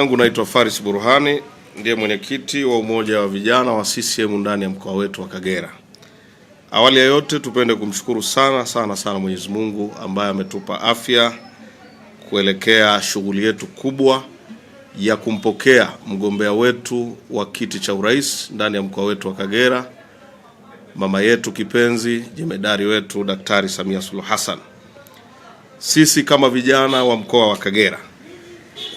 yangu naitwa Faris Burhani, ndiye mwenyekiti wa umoja wa vijana wa CCM ndani ya mkoa wetu wa Kagera. Awali ya yote, tupende kumshukuru sana sana sana Mwenyezi Mungu ambaye ametupa afya kuelekea shughuli yetu kubwa ya kumpokea mgombea wetu wa kiti cha urais ndani ya mkoa wetu wa Kagera, mama yetu kipenzi, jemedari wetu Daktari Samia Suluhu Hassan. Sisi kama vijana wa mkoa wa Kagera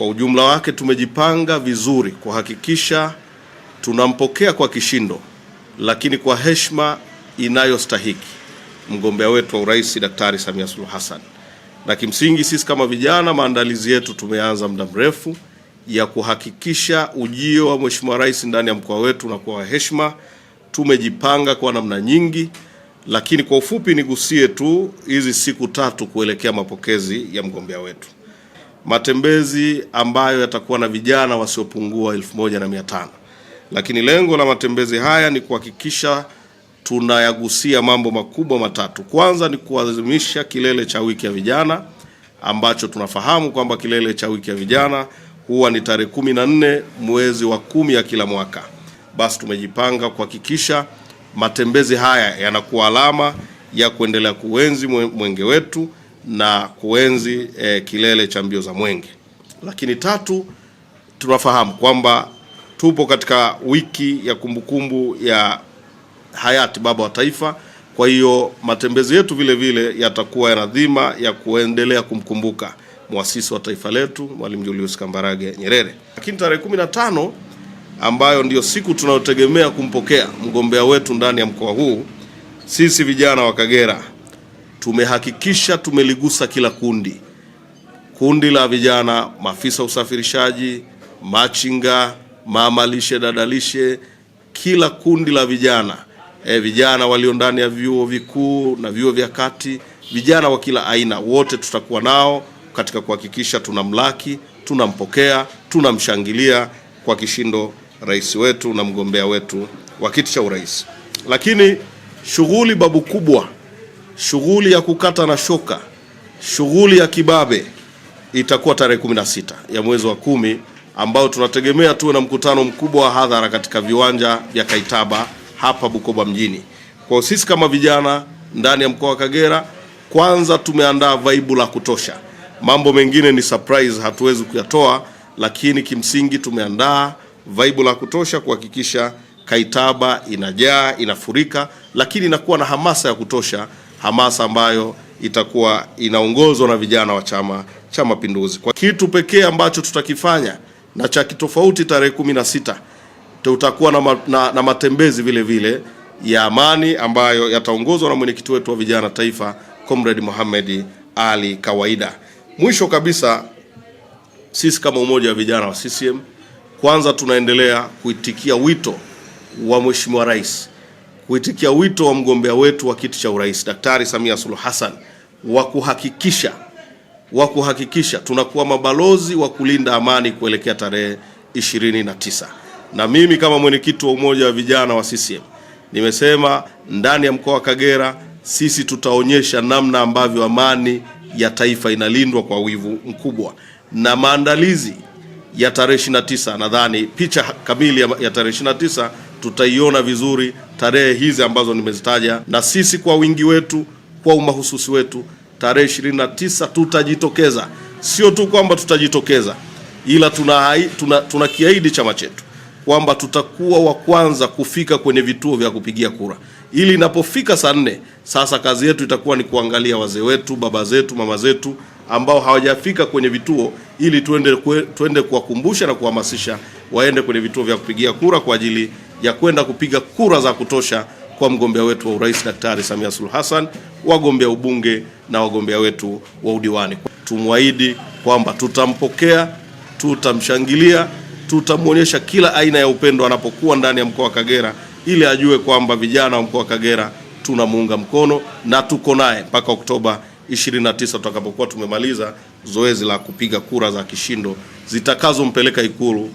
kwa ujumla wake, tumejipanga vizuri kuhakikisha tunampokea kwa kishindo, lakini kwa heshima inayostahiki mgombea wetu wa urais Daktari Samia Suluhu Hassan. Na kimsingi sisi kama vijana, maandalizi yetu tumeanza muda mrefu ya kuhakikisha ujio wa Mheshimiwa Rais ndani ya mkoa wetu na kwa heshima. Tumejipanga kwa namna nyingi, lakini kwa ufupi nigusie tu hizi siku tatu kuelekea mapokezi ya mgombea wetu matembezi ambayo yatakuwa na vijana wasiopungua 1500 lakini lengo la matembezi haya ni kuhakikisha tunayagusia mambo makubwa matatu. Kwanza ni kuadhimisha kilele cha wiki ya vijana ambacho tunafahamu kwamba kilele cha wiki ya vijana huwa ni tarehe kumi na nne mwezi wa kumi ya kila mwaka. Basi tumejipanga kuhakikisha matembezi haya yanakuwa alama ya kuendelea kuenzi mwenge wetu na kuenzi e, kilele cha mbio za mwenge. Lakini tatu, tunafahamu kwamba tupo katika wiki ya kumbukumbu ya hayati baba wa taifa. Kwa hiyo matembezi yetu vile vile yatakuwa yana dhima ya kuendelea kumkumbuka mwasisi wa taifa letu Mwalimu Julius Kambarage Nyerere. Lakini tarehe 15 ambayo ndiyo siku tunayotegemea kumpokea mgombea wetu ndani ya mkoa huu, sisi vijana wa Kagera tumehakikisha tumeligusa kila kundi, kundi la vijana, maafisa usafirishaji, machinga, mama lishe, dadalishe, kila kundi la vijana e, vijana walio ndani ya vyuo vikuu na vyuo vya kati, vijana wa kila aina, wote tutakuwa nao katika kuhakikisha tunamlaki, tunampokea, tunamshangilia kwa kishindo rais wetu na mgombea wetu wa kiti cha urais. Lakini shughuli babu kubwa shughuli ya kukata na shoka, shughuli ya kibabe itakuwa tarehe 16 ya mwezi wa kumi, ambao tunategemea tuwe na mkutano mkubwa wa hadhara katika viwanja vya Kaitaba hapa Bukoba mjini. Kwa sisi kama vijana ndani ya mkoa wa Kagera, kwanza tumeandaa vaibu la kutosha. Mambo mengine ni surprise, hatuwezi kuyatoa, lakini kimsingi tumeandaa vaibu la kutosha kuhakikisha Kaitaba inajaa, inafurika, lakini inakuwa na hamasa ya kutosha hamasa ambayo itakuwa inaongozwa na vijana wa Chama cha Mapinduzi. Kwa kitu pekee ambacho tutakifanya na cha kitofauti, tarehe kumi na sita tutakuwa na, ma, na, na matembezi vile vile ya amani ambayo yataongozwa na mwenyekiti wetu wa vijana taifa Comrade Mohamed Ali Kawaida. Mwisho kabisa, sisi kama umoja wa vijana wa CCM kwanza tunaendelea kuitikia wito wa Mheshimiwa Rais kuitikia wito wa mgombea wetu wa kiti cha urais Daktari Samia Suluhu Hassan wa kuhakikisha wa kuhakikisha tunakuwa mabalozi wa kulinda amani kuelekea tarehe 29. Na mimi kama mwenyekiti wa umoja wa vijana wa CCM nimesema ndani ya mkoa wa Kagera sisi tutaonyesha namna ambavyo amani ya taifa inalindwa kwa wivu mkubwa, na maandalizi ya tarehe 29, nadhani picha kamili ya tarehe 29 tutaiona vizuri tarehe hizi ambazo nimezitaja, na sisi kwa wingi wetu, kwa umahususi wetu, tarehe 29 tutajitokeza. Sio tu kwamba tutajitokeza, ila tuna, tuna, tuna kiahidi chama chetu kwamba tutakuwa wa kwanza kufika kwenye vituo vya kupigia kura, ili inapofika saa nne sasa kazi yetu itakuwa ni kuangalia wazee wetu, baba zetu, mama zetu ambao hawajafika kwenye vituo, ili tuende, tuende kuwakumbusha na kuhamasisha waende kwenye vituo vya kupigia kura kwa ajili ya kwenda kupiga kura za kutosha kwa mgombea wetu wa urais Daktari Samia Suluhu Hassan, wagombea ubunge na wagombea wetu wa udiwani. Tumwahidi kwamba tutampokea, tutamshangilia, tutamwonyesha kila aina ya upendo anapokuwa ndani ya mkoa wa Kagera, ili ajue kwamba vijana wa mkoa wa Kagera tunamuunga mkono na tuko naye mpaka Oktoba 29 tutakapokuwa tumemaliza zoezi la kupiga kura za kishindo zitakazompeleka Ikulu.